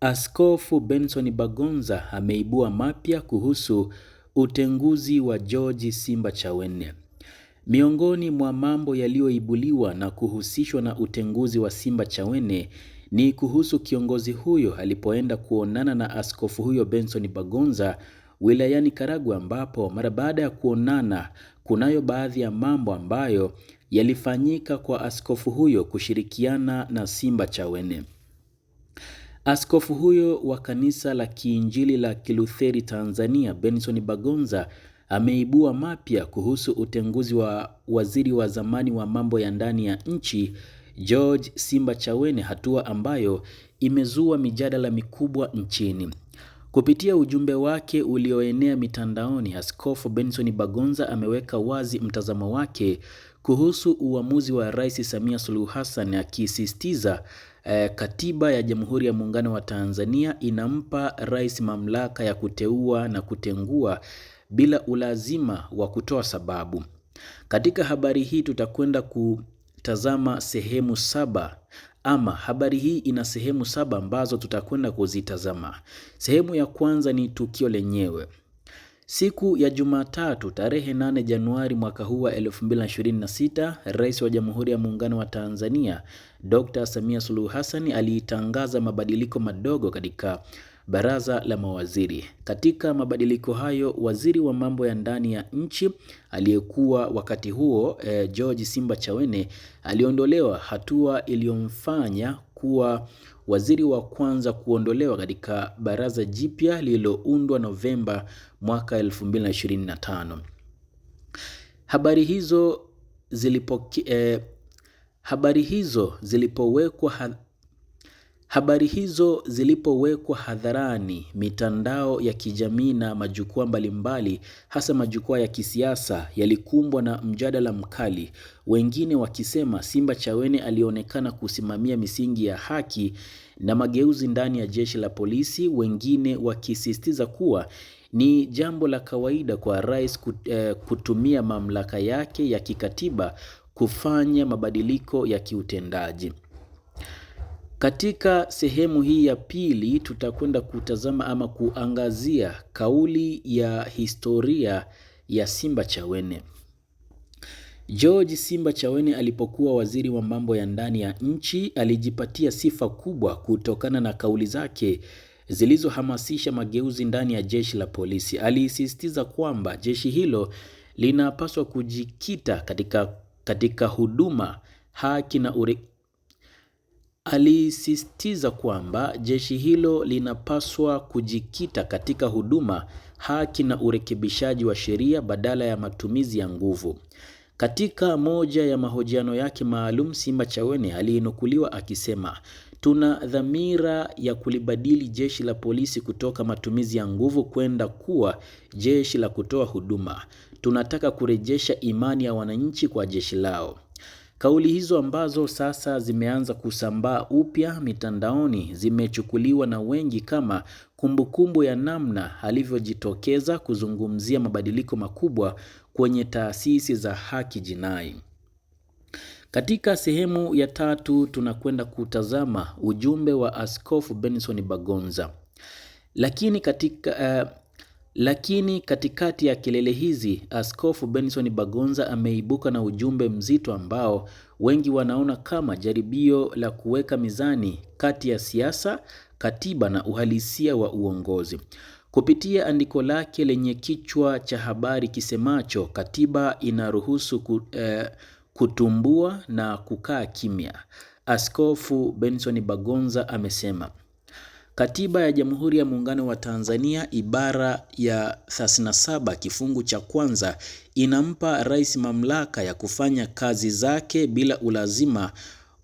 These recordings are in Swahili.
Askofu Benson Bagonza ameibua mapya kuhusu utenguzi wa George Simba Chawene. Miongoni mwa mambo yaliyoibuliwa na kuhusishwa na utenguzi wa Simba Chawene ni kuhusu kiongozi huyo alipoenda kuonana na askofu huyo Benson Bagonza wilayani Karagwe, ambapo mara baada ya kuonana kunayo baadhi ya mambo ambayo yalifanyika kwa askofu huyo kushirikiana na Simba Chawene. Askofu huyo wa kanisa la Kiinjili la Kilutheri Tanzania, Benson Bagonza ameibua mapya kuhusu utenguzi wa waziri wa zamani wa mambo ya ndani ya nchi George Simba Chawene, hatua ambayo imezua mijadala mikubwa nchini. Kupitia ujumbe wake ulioenea mitandaoni, Askofu Benson Bagonza ameweka wazi mtazamo wake kuhusu uamuzi wa Rais Samia Suluhu Hassan akisisitiza eh, katiba ya Jamhuri ya Muungano wa Tanzania inampa rais mamlaka ya kuteua na kutengua bila ulazima wa kutoa sababu. Katika habari hii tutakwenda kutazama sehemu saba ama habari hii ina sehemu saba ambazo tutakwenda kuzitazama. Sehemu ya kwanza ni tukio lenyewe. Siku ya Jumatatu tarehe 8 Januari mwaka huu wa 2026, Rais wa Jamhuri ya Muungano wa Tanzania Dr. Samia Suluhu Hassan aliitangaza mabadiliko madogo katika baraza la mawaziri. Katika mabadiliko hayo, waziri wa mambo ya ndani ya nchi aliyekuwa wakati huo eh, George Simba Chawene aliondolewa, hatua iliyomfanya kuwa waziri wa kwanza kuondolewa katika baraza jipya lililoundwa Novemba mwaka 2025. Habari hizo zilipo eh, habari hizo zilipowekwa Habari hizo zilipowekwa hadharani, mitandao ya kijamii na majukwaa mbalimbali, hasa majukwaa ya kisiasa, yalikumbwa na mjadala mkali, wengine wakisema Simba chawene alionekana kusimamia misingi ya haki na mageuzi ndani ya jeshi la polisi, wengine wakisisitiza kuwa ni jambo la kawaida kwa rais eh, kutumia mamlaka yake ya kikatiba kufanya mabadiliko ya kiutendaji. Katika sehemu hii ya pili tutakwenda kutazama ama kuangazia kauli ya historia ya Simba Chawene. George Simba Chawene alipokuwa waziri wa mambo ya ndani ya nchi alijipatia sifa kubwa kutokana na kauli zake zilizohamasisha mageuzi ndani ya jeshi la polisi. Alisisitiza kwamba jeshi hilo linapaswa kujikita katika, katika huduma haki na ure, alisisitiza kwamba jeshi hilo linapaswa kujikita katika huduma, haki na urekebishaji wa sheria badala ya matumizi ya nguvu. Katika moja ya mahojiano yake maalum, Simba Chawene aliyenukuliwa akisema, tuna dhamira ya kulibadili jeshi la polisi kutoka matumizi ya nguvu kwenda kuwa jeshi la kutoa huduma. Tunataka kurejesha imani ya wananchi kwa jeshi lao. Kauli hizo ambazo sasa zimeanza kusambaa upya mitandaoni zimechukuliwa na wengi kama kumbukumbu ya namna alivyojitokeza kuzungumzia mabadiliko makubwa kwenye taasisi za haki jinai. Katika sehemu ya tatu tunakwenda kutazama ujumbe wa Askofu Benson Bagonza. Lakini katika uh, lakini katikati ya kelele hizi, Askofu Benson Bagonza ameibuka na ujumbe mzito ambao wengi wanaona kama jaribio la kuweka mizani kati ya siasa, katiba na uhalisia wa uongozi. Kupitia andiko lake lenye kichwa cha habari kisemacho katiba inaruhusu eh, kutumbua na kukaa kimya, Askofu Benson Bagonza amesema Katiba ya Jamhuri ya Muungano wa Tanzania ibara ya 37 kifungu cha kwanza inampa rais mamlaka ya kufanya kazi zake bila ulazima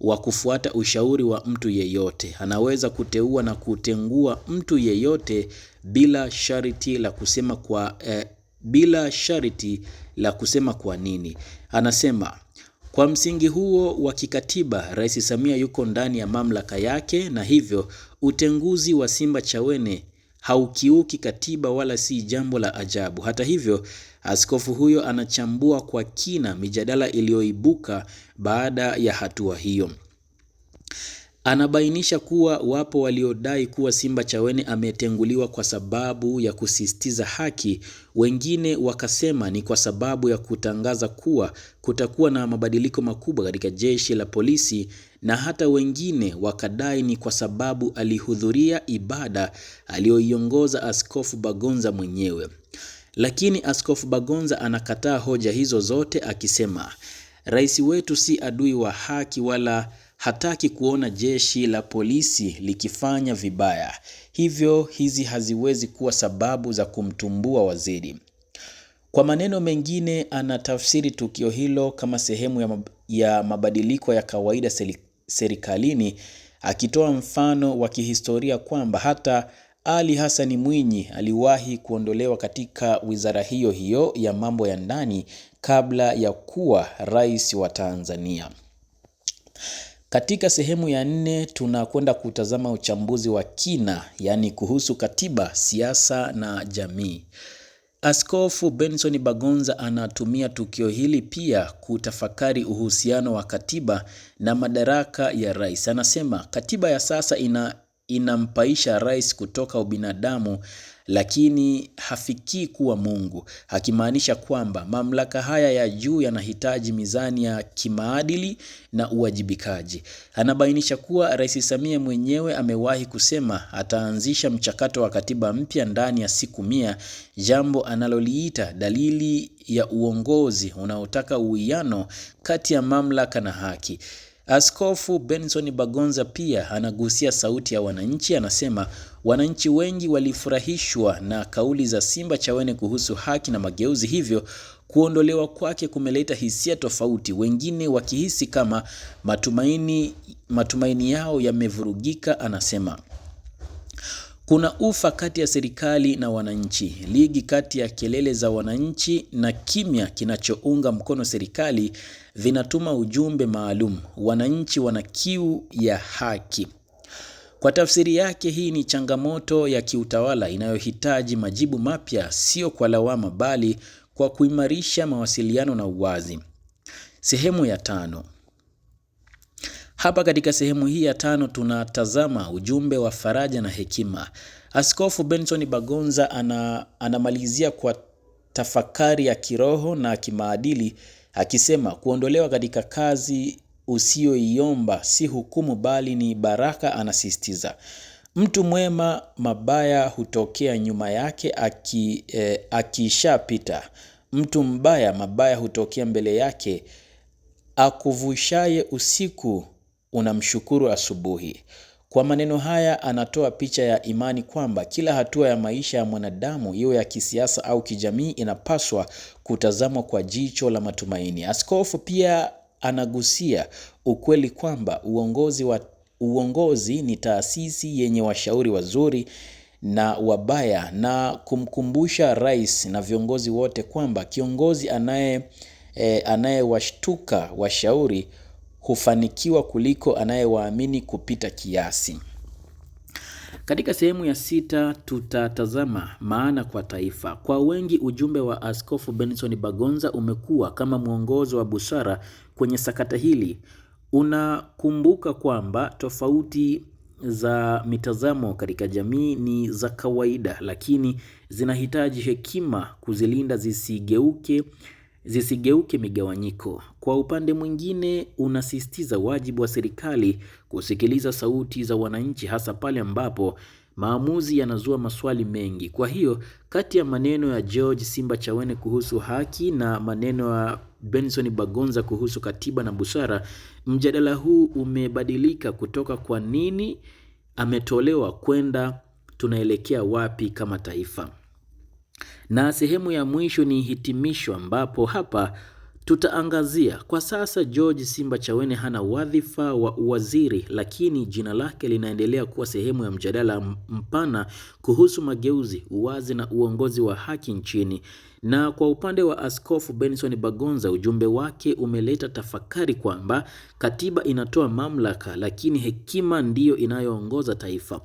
wa kufuata ushauri wa mtu yeyote. Anaweza kuteua na kutengua mtu yeyote bila sharti la kusema kwa eh, bila sharti la kusema kwa nini. Anasema kwa msingi huo wa kikatiba, Rais Samia yuko ndani ya mamlaka yake na hivyo utenguzi wa Simba Chawene haukiuki katiba wala si jambo la ajabu. Hata hivyo, askofu huyo anachambua kwa kina mijadala iliyoibuka baada ya hatua hiyo. Anabainisha kuwa wapo waliodai kuwa Simba Chawene ametenguliwa kwa sababu ya kusisitiza haki, wengine wakasema ni kwa sababu ya kutangaza kuwa kutakuwa na mabadiliko makubwa katika jeshi la polisi na hata wengine wakadai ni kwa sababu alihudhuria ibada aliyoiongoza Askofu Bagonza mwenyewe. Lakini Askofu Bagonza anakataa hoja hizo zote akisema, Rais wetu si adui wa haki wala hataki kuona jeshi la polisi likifanya vibaya, hivyo hizi haziwezi kuwa sababu za kumtumbua waziri. Kwa maneno mengine, anatafsiri tukio hilo kama sehemu ya mabadiliko ya kawaida serikalini, akitoa mfano wa kihistoria kwamba hata Ali Hassan Mwinyi aliwahi kuondolewa katika wizara hiyo hiyo ya mambo ya ndani kabla ya kuwa rais wa Tanzania. Katika sehemu ya nne tunakwenda kutazama uchambuzi wa kina, yaani kuhusu katiba, siasa na jamii. Askofu Benson Bagonza anatumia tukio hili pia kutafakari uhusiano wa katiba na madaraka ya rais. Anasema katiba ya sasa ina inampaisha rais kutoka ubinadamu lakini hafikii kuwa Mungu, akimaanisha kwamba mamlaka haya ya juu yanahitaji mizani ya kimaadili na uwajibikaji. Anabainisha kuwa Rais Samia mwenyewe amewahi kusema ataanzisha mchakato wa katiba mpya ndani ya siku mia, jambo analoliita dalili ya uongozi unaotaka uwiano kati ya mamlaka na haki. Askofu Benson Bagonza pia anagusia sauti ya wananchi, anasema wananchi wengi walifurahishwa na kauli za Simba Chawene kuhusu haki na mageuzi, hivyo kuondolewa kwake kumeleta hisia tofauti, wengine wakihisi kama matumaini, matumaini yao yamevurugika, anasema. Kuna ufa kati ya serikali na wananchi, ligi kati ya kelele za wananchi na kimya kinachounga mkono serikali vinatuma ujumbe maalum. Wananchi wana kiu ya haki. Kwa tafsiri yake, hii ni changamoto ya kiutawala inayohitaji majibu mapya, sio kwa lawama, bali kwa kuimarisha mawasiliano na uwazi. Sehemu ya tano. Hapa katika sehemu hii ya tano tunatazama ujumbe wa faraja na hekima. Askofu Benson Bagonza ana, anamalizia kwa tafakari ya kiroho na kimaadili akisema kuondolewa katika kazi usiyoiomba si hukumu bali ni baraka. Anasisitiza mtu mwema mabaya hutokea nyuma yake aki, eh, akishapita. Mtu mbaya mabaya hutokea mbele yake akuvushaye usiku unamshukuru asubuhi. Kwa maneno haya anatoa picha ya imani kwamba kila hatua ya maisha ya mwanadamu iwe ya kisiasa au kijamii inapaswa kutazamwa kwa jicho la matumaini. Askofu pia anagusia ukweli kwamba uongozi, wa, uongozi ni taasisi yenye washauri wazuri na wabaya na kumkumbusha rais na viongozi wote kwamba kiongozi anaye e, anayewashtuka washauri hufanikiwa kuliko anayewaamini kupita kiasi. Katika sehemu ya sita tutatazama maana kwa taifa. Kwa wengi, ujumbe wa Askofu Benson Bagonza umekuwa kama mwongozo wa busara kwenye sakata hili. Unakumbuka kwamba tofauti za mitazamo katika jamii ni za kawaida, lakini zinahitaji hekima kuzilinda zisigeuke zisigeuke migawanyiko. Kwa upande mwingine, unasisitiza wajibu wa serikali kusikiliza sauti za wananchi, hasa pale ambapo maamuzi yanazua maswali mengi. Kwa hiyo, kati ya maneno ya George Simba Chawene kuhusu haki na maneno ya Benson Bagonza kuhusu katiba na busara, mjadala huu umebadilika kutoka kwa nini ametolewa kwenda tunaelekea wapi kama taifa. Na sehemu ya mwisho ni hitimisho ambapo hapa tutaangazia kwa sasa George Simba Chawene hana wadhifa wa uwaziri, lakini jina lake linaendelea kuwa sehemu ya mjadala mpana kuhusu mageuzi, uwazi na uongozi wa haki nchini. Na kwa upande wa Askofu Benson Bagonza, ujumbe wake umeleta tafakari kwamba katiba inatoa mamlaka, lakini hekima ndiyo inayoongoza taifa.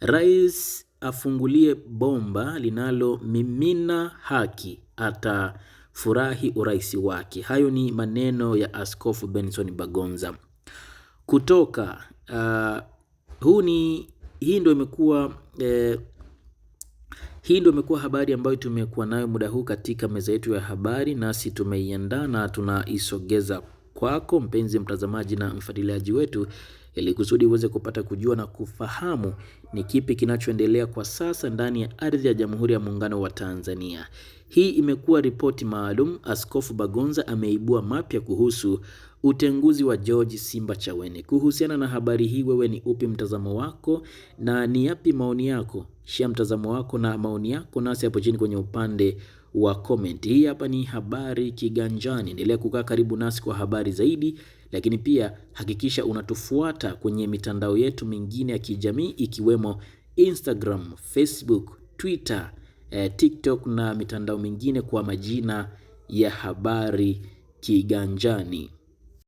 Rais afungulie bomba linalomimina haki atafurahi urais wake. Hayo ni maneno ya Askofu Benson Bagonza kutoka uh, huu ni hii ndio imekuwa eh, hii ndio imekuwa habari ambayo tumekuwa nayo muda huu katika meza yetu ya habari, nasi tumeiandaa na tunaisogeza kwako mpenzi mtazamaji na mfuatiliaji wetu ili kusudi uweze kupata kujua na kufahamu ni kipi kinachoendelea kwa sasa ndani ya ardhi ya Jamhuri ya Muungano wa Tanzania. Hii imekuwa ripoti maalum. Askofu Bagonza ameibua mapya kuhusu utenguzi wa George Simba Chawene. Kuhusiana na habari hii, wewe ni upi mtazamo wako na ni yapi maoni yako? Shia mtazamo wako na maoni yako nasi hapo chini kwenye upande wa comment. Hii hapa ni Habari Kiganjani. Endelea kukaa karibu nasi kwa habari zaidi. Lakini pia hakikisha unatufuata kwenye mitandao yetu mingine ya kijamii ikiwemo Instagram, Facebook, Twitter, eh, TikTok na mitandao mingine kwa majina ya Habari Kiganjani.